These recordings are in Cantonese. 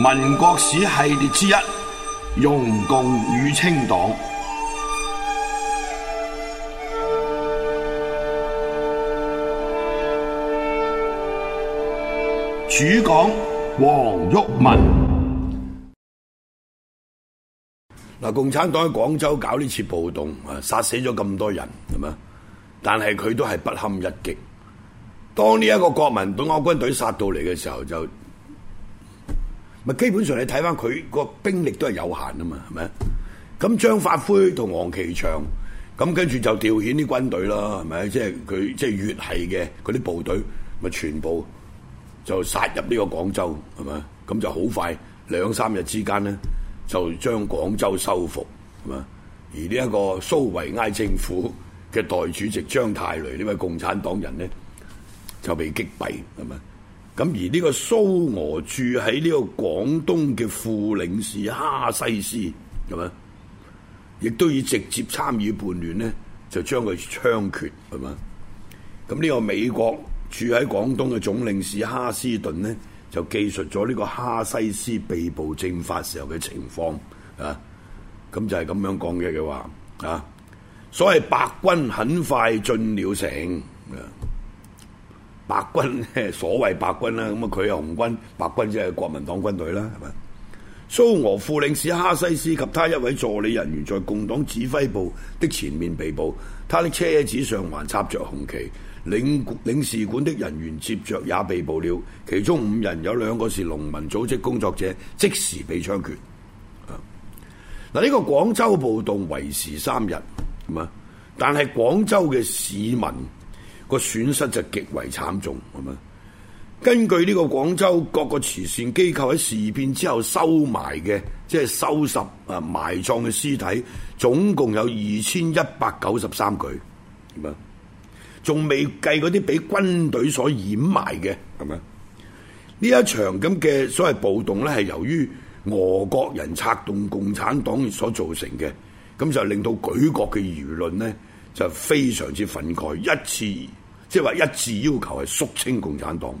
民國史系列之一：容共與清黨。主講黃毓民。嗱，共產黨喺廣州搞呢次暴動啊，殺死咗咁多人，係嘛？但係佢都係不堪一擊。當呢一個國民黨軍隊殺到嚟嘅時候，就。基本上你睇翻佢個兵力都係有限啊嘛，係咪？咁張發奎同黃琪翔，咁跟住就調遣啲軍隊啦，係咪？即係佢即係粵系嘅嗰啲部隊，咪全部就殺入呢個廣州，係咪？咁就好快兩三日之間呢，就將廣州收復，係咪？而呢一個蘇維埃政府嘅代主席張太雷呢位共產黨人呢，就被擊斃，係咪？咁而呢個蘇俄駐喺呢個廣東嘅副領事哈西斯，係咪？亦都以直接參與叛亂呢，就將佢槍決，係嘛？咁呢個美國駐喺廣東嘅總領事哈斯頓呢，就記述咗呢個哈西斯被捕正法時候嘅情況啊。咁就係咁樣講嘅，佢話啊，所謂白軍很快進了城。白軍所謂白軍啦，咁啊佢係紅軍，白軍即係國民黨軍隊啦，係嘛？蘇俄副領事哈西斯及他一位助理人員在共黨指揮部的前面被捕，他的車子上還插着紅旗，領領事館的人員接着也被捕了，其中五人有兩個是農民組織工作者，即時被槍決。啊，嗱、這、呢個廣州暴動維持三日，咁啊，但係廣州嘅市民。個損失就極為慘重，係咪？根據呢個廣州各個慈善機構喺事變之後收埋嘅，即係收拾啊埋葬嘅屍體，總共有二千一百九十三具，係咪？仲未計嗰啲俾軍隊所掩埋嘅，係咪？呢一場咁嘅所謂暴動咧，係由於俄國人策動共產黨所造成嘅，咁就令到舉國嘅輿論呢。就非常之憤慨，一次即係話一致要求係肅清共產黨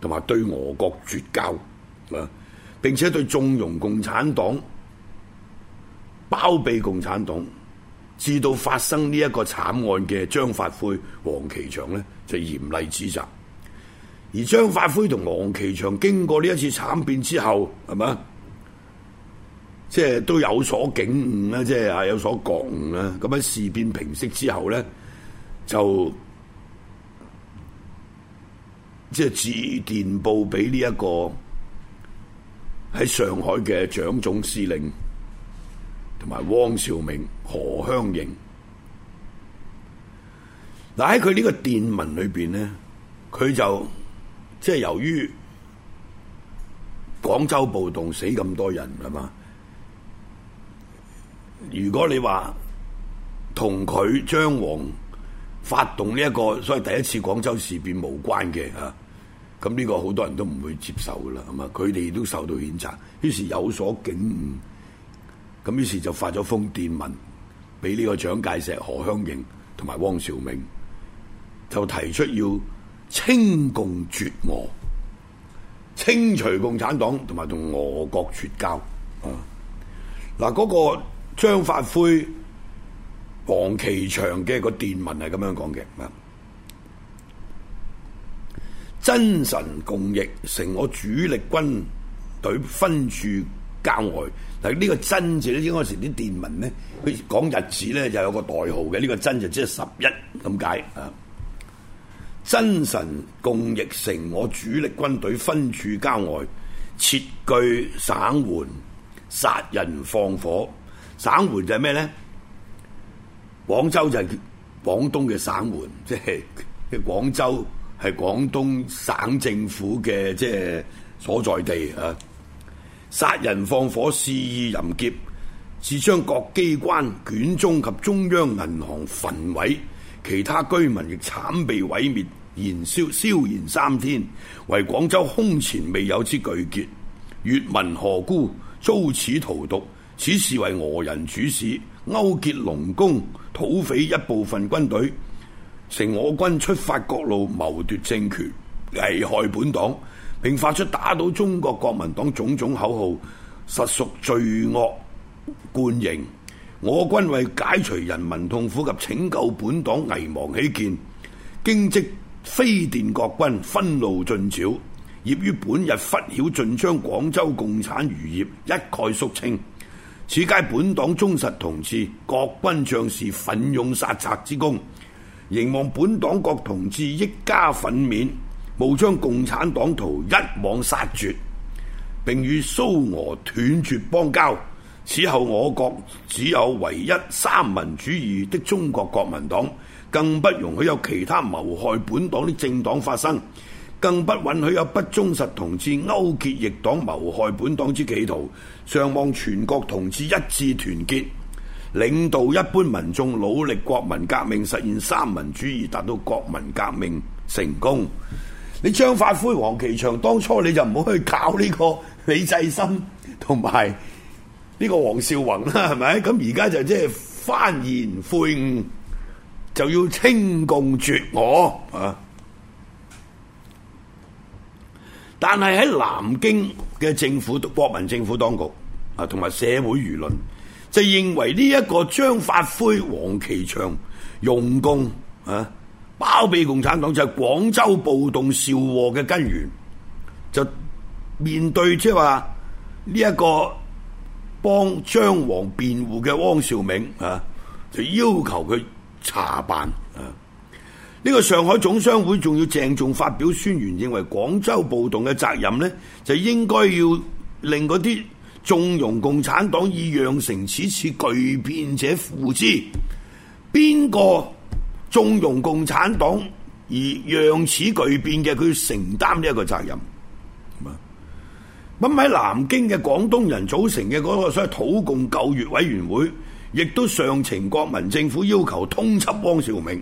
同埋對俄國絕交啊！並且對縱容共產黨包庇共產黨至到發生呢一個慘案嘅張發奎、黃琪翔咧，就嚴厲指責。而張發奎同黃琪翔經過呢一次慘變之後，係嘛？即係都有所警悟啦，即係啊有所覺悟啦。咁喺事變平息之後咧，就即係致電報俾呢一個喺上海嘅蔣總司令同埋汪兆銘、何香凝。嗱，喺佢呢個電文裏邊咧，佢就即係、就是、由於廣州暴動死咁多人啊嘛～如果你話同佢，張皇發動呢、這、一個，所謂第一次廣州事變無關嘅吓，咁呢個好多人都唔會接受噶啦，係、啊、嘛？佢哋都受到譴責，於是有所警悟，咁於是就發咗封電文俾呢個蔣介石、何香凝同埋汪兆銘，就提出要清共絕俄，清除共產黨同埋同俄國絕交。嗱、啊、嗰、那個。張發輝、黃其祥嘅個電文係咁樣講嘅、這個這個。啊！真神共逆，成我主力軍隊分處郊外。嗱，呢個真字咧，應該成啲電文呢，佢講日子咧，就有個代號嘅。呢個真就即係十一咁解啊！真神共逆，成我主力軍隊分處郊外，設據省援，殺人放火。省會就係咩呢？廣州就係廣東嘅省會，即係廣州係廣東省政府嘅即係所在地啊！殺人放火肆意淫劫，是將各機關卷宗及中央銀行焚毀，其他居民亦慘被毀滅，燃燒燒延三天，為廣州空前未有之巨劫。粵民何辜遭此荼毒？此事為俄人主使，勾結農工、土匪一部分軍隊，乘我軍出發各路，謀奪政權，危害本黨，並發出打倒中國國民黨種種口號，實屬罪惡貫盈。我軍為解除人民痛苦及拯救本黨危亡起見，經即飛電各軍分路進剿，業於本日拂曉盡將廣州共產餘業一概肅清。此皆本黨忠實同志，各軍將士奮勇殺賊之功。仍望本黨各同志益加奮勉，務將共產黨徒一網殺絕，並與蘇俄斷絕邦交。此後我國只有唯一三民主義的中國國民黨，更不容許有其他謀害本黨的政黨發生。更不允許有不忠實同志勾結逆黨謀害本黨之企圖，上望全國同志一致團結，領導一般民眾努力國民革命，實現三民主義，達到國民革命成功。你張發奎黃琪翔，當初你就唔好去搞呢個李濟深同埋呢個黃紹竑啦，係咪？咁而家就即係翻然悔悟，就要清共絕俄啊！但係喺南京嘅政府、國民政府當局啊，同埋社會輿論就認為呢一個張發奎、黃琪翔容共啊，包庇共產黨，就係廣州暴動肇禍嘅根源。就面對即係話呢一個幫張黃辯護嘅汪兆銘啊，就要求佢查辦啊。呢個上海總商會仲要鄭重發表宣言，認為廣州暴動嘅責任呢，就應該要令嗰啲縱容共產黨以讓成此次巨變者負之。邊個縱容共產黨而讓此巨變嘅，佢要承擔呢一個責任。咁喺南京嘅廣東人組成嘅嗰個所謂土共救粵委員會，亦都上呈國民政府要求通緝汪兆銘。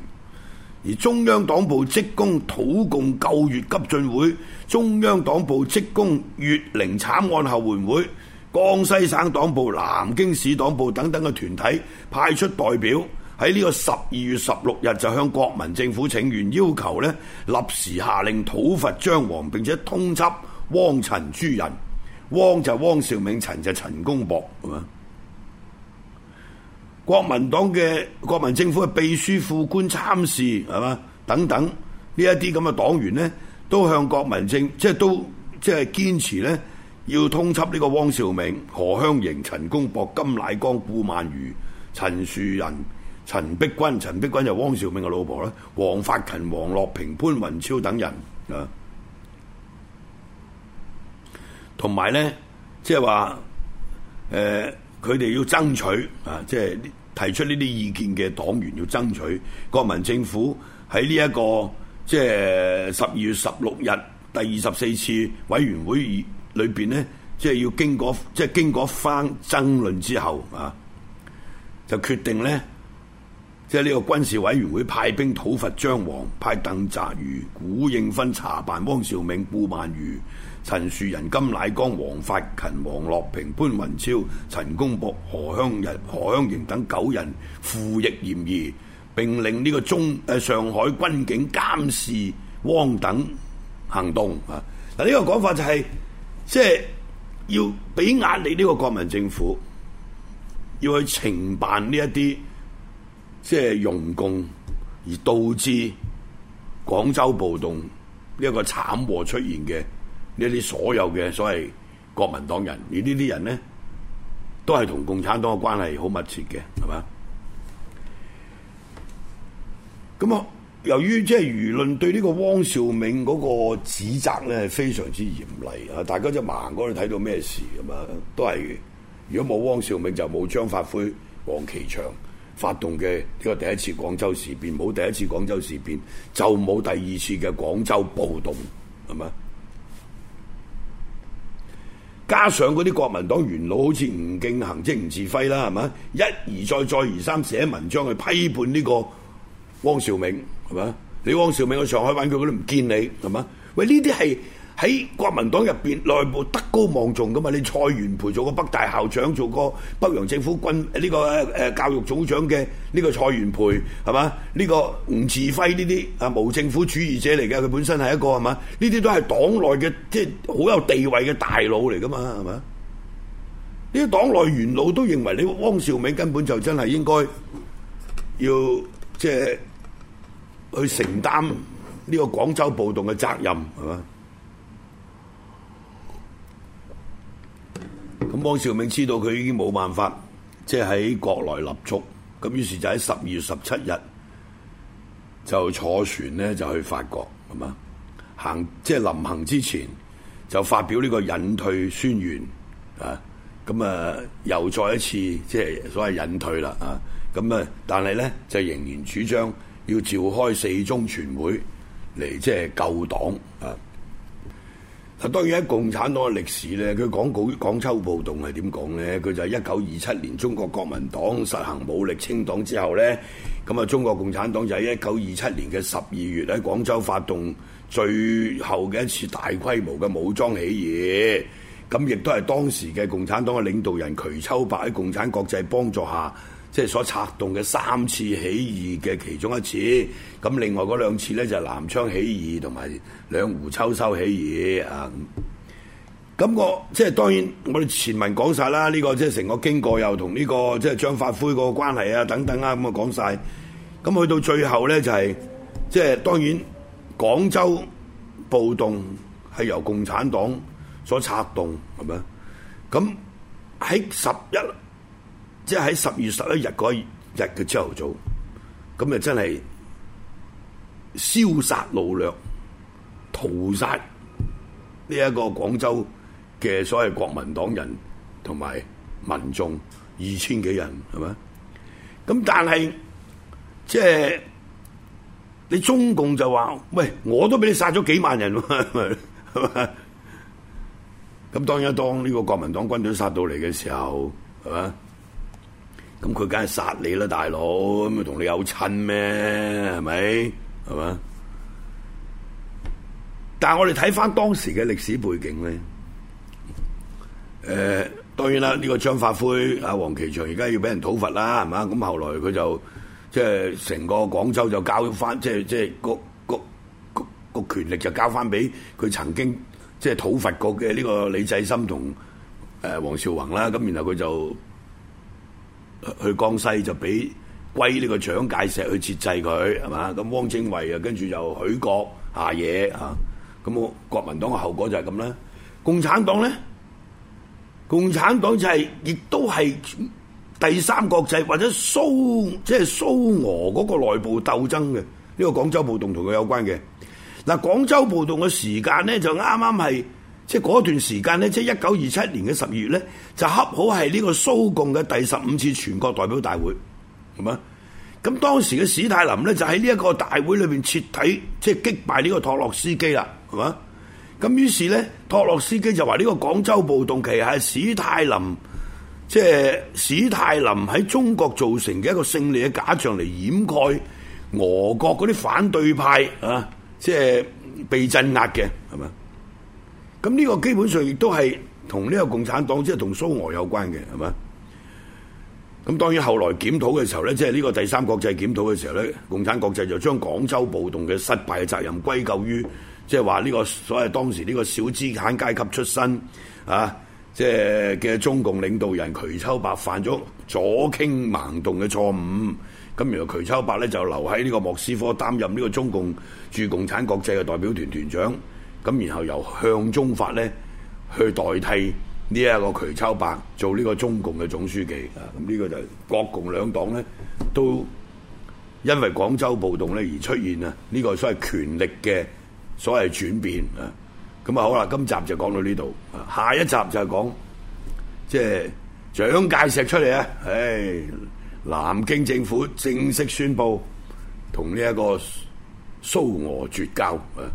而中央黨部職工討共救粵急進會、中央黨部職工粵靈慘案後援會、江西省黨部、南京市黨部等等嘅團體派出代表喺呢個十二月十六日就向國民政府請願，要求呢立時下令討伐張黃，並且通緝汪、陳諸人。汪就汪兆銘，陳就陳公博，國民黨嘅國民政府嘅秘書副官參事係嘛，等等呢一啲咁嘅黨員呢，都向國民政即係都即係堅持呢，要通緝呢個汪兆銘、何香凝、陳公博、甘乃光、顧孟餘、陳樹人、陳碧君、陳碧君就汪兆銘嘅老婆啦、王法勤、王樂平、潘雲超等人啊，同埋呢，即係話誒，呃佢哋要爭取啊，即係提出呢啲意見嘅黨員要爭取國民政府喺呢一個即係十二月十六日第二十四次委員會議裏邊呢，即係要經過即係經過一番爭論之後啊，就決定呢。即係呢個軍事委員會派兵討伐張王，派鄧澤如、古應芬查辦汪兆銘、顧曼如、陳樹人、金乃光、王發勤、王樂平、潘文超、陳公博、何香人、何香凝等九人負役嫌疑，並令呢個中誒上海軍警監視汪等行動啊！嗱，呢個講法就係即係要俾壓力呢個國民政府要去懲辦呢一啲。即係容共，而導致廣州暴動呢一個慘禍出現嘅呢啲所有嘅所謂國民黨人，而呢啲人呢，都係同共產黨嘅關係好密切嘅，係嘛？咁啊，由於即係輿論對呢個汪兆銘嗰個指責呢，非常之嚴厲啊！大家就盲嗰度睇到咩事咁啊？都係如果冇汪兆銘就，就冇張發奎、黃其祥發動嘅呢個第一次廣州事變，冇第一次廣州事變就冇第二次嘅廣州暴動，係嘛？加上嗰啲國民黨元老好似吳敬恆，即吳稚暉啦，係嘛？一而再、再而三寫文章去批判呢個汪兆銘，係嘛？你汪兆銘去上海揾佢，佢都唔見你，係嘛？喂，呢啲係。喺國民黨入邊內部德高望重噶嘛？你蔡元培做個北大校長，做個北洋政府軍呢、呢個誒教育總長嘅呢個蔡元培係嘛？呢、呢個吳稚暉呢啲啊無政府主義者嚟嘅，佢本身係一個係嘛？呢啲都係黨內嘅即係好有地位嘅大佬嚟噶嘛？係嘛？呢啲黨內元老都認為你汪兆銘根本就真係應該要即係、即係、去承擔呢個廣州暴動嘅責任係嘛？咁汪兆銘知道佢已經冇辦法，即係喺國內立足，咁於是就喺十二月十七日就坐船咧就去法國，咁啊，行即係、就是、臨行之前就發表呢個引退宣言啊！咁啊又再一次即係、就是、所謂引退啦啊！咁啊，但係咧就仍然主張要召開四中全會嚟即係救黨啊！當然喺共產黨嘅歷史咧，佢講廣廣州暴動係點講呢？佢就係一九二七年中國國民黨實行武力清黨之後呢，咁啊中國共產黨就喺一九二七年嘅十二月喺廣州發動最後嘅一次大規模嘅武裝起義，咁亦都係當時嘅共產黨嘅領導人瞿秋白喺共產國際幫助下。即係所策動嘅三次起義嘅其中一次，咁另外嗰兩次咧就係南昌起義同埋兩湖秋收起義啊咁。咁我即係當然，我哋前文講晒啦，呢個即係成個經過，又同呢個即係張發奎個關係啊等等啊咁啊講晒，咁去到最後咧就係、是，即係當然廣州暴動係由共產黨所策動係咪啊？咁喺十一。即喺十月十一日嗰日嘅朝頭早，咁啊真係燒殺擄掠、屠殺呢一個廣州嘅所謂國民黨人同埋民眾二千幾人係咪？咁但係即係你中共就話「喂，我都俾你殺咗幾萬人，係咪？」咁當然當呢個國民黨軍隊殺到嚟嘅時候，係咪？咁佢梗係殺你啦，大佬咁啊，同你有親咩？係咪？係嘛？但係我哋睇翻當時嘅歷史背景咧，誒、呃，當然啦，呢、這個張發奎啊，黃琪翔而家要俾人討伐啦，係嘛？咁後來佢就即係成個廣州就交翻，即係即係個個個，個權力就交翻俾佢曾經即係討伐過嘅呢個李濟深同誒黃紹竑啦，咁然後佢就。去江西就俾歸呢個蔣介石去設制佢，係嘛？咁汪精衛啊，跟住又許國下野。嚇，咁我國民黨嘅後果就係咁啦。共產黨咧，共產黨就係亦都係第三國際或者蘇即係、就是、蘇俄嗰個內部鬥爭嘅呢、呢個廣州暴動同佢有關嘅。嗱，廣州暴動嘅時間咧就啱啱係。即係嗰段時間咧，即係一九二七年嘅十二月咧，就恰好係呢個蘇共嘅第十五次全國代表大會，係嘛？咁當時嘅史泰林咧就喺呢一個大會裏邊徹底即係擊敗呢個托洛斯基啦，係嘛？咁於是咧，托洛斯基就話呢個廣州暴動其實係史泰林，即係史泰林喺中國造成嘅一個勝利嘅假象嚟掩蓋俄國嗰啲反對派啊，即係被鎮壓嘅，係咪？咁呢個基本上亦都係同呢個共產黨即係同蘇俄有關嘅，係嘛？咁當然後來檢討嘅時候咧，即係呢個第三國際檢討嘅時候咧，共產國際就將廣州暴動嘅失敗嘅責任歸咎於即係話呢個所謂當時呢個小資產階級出身啊，即係嘅中共領導人瞿秋白犯咗左傾盲動嘅錯誤。咁然後瞿秋白咧就留喺呢個莫斯科擔任呢個中共駐共產國際嘅代表團團長。咁然後由向忠發咧去代替呢一個瞿秋白做呢個中共嘅總書記啊！咁、這、呢個就國共兩黨咧都因為廣州暴動咧而出現啊！呢個所謂權力嘅所謂轉變啊！咁啊好啦，今集就講到呢度，啊，下一集就係講即係蔣介石出嚟啊！唉、哎，南京政府正式宣布同呢一個蘇俄絕交啊！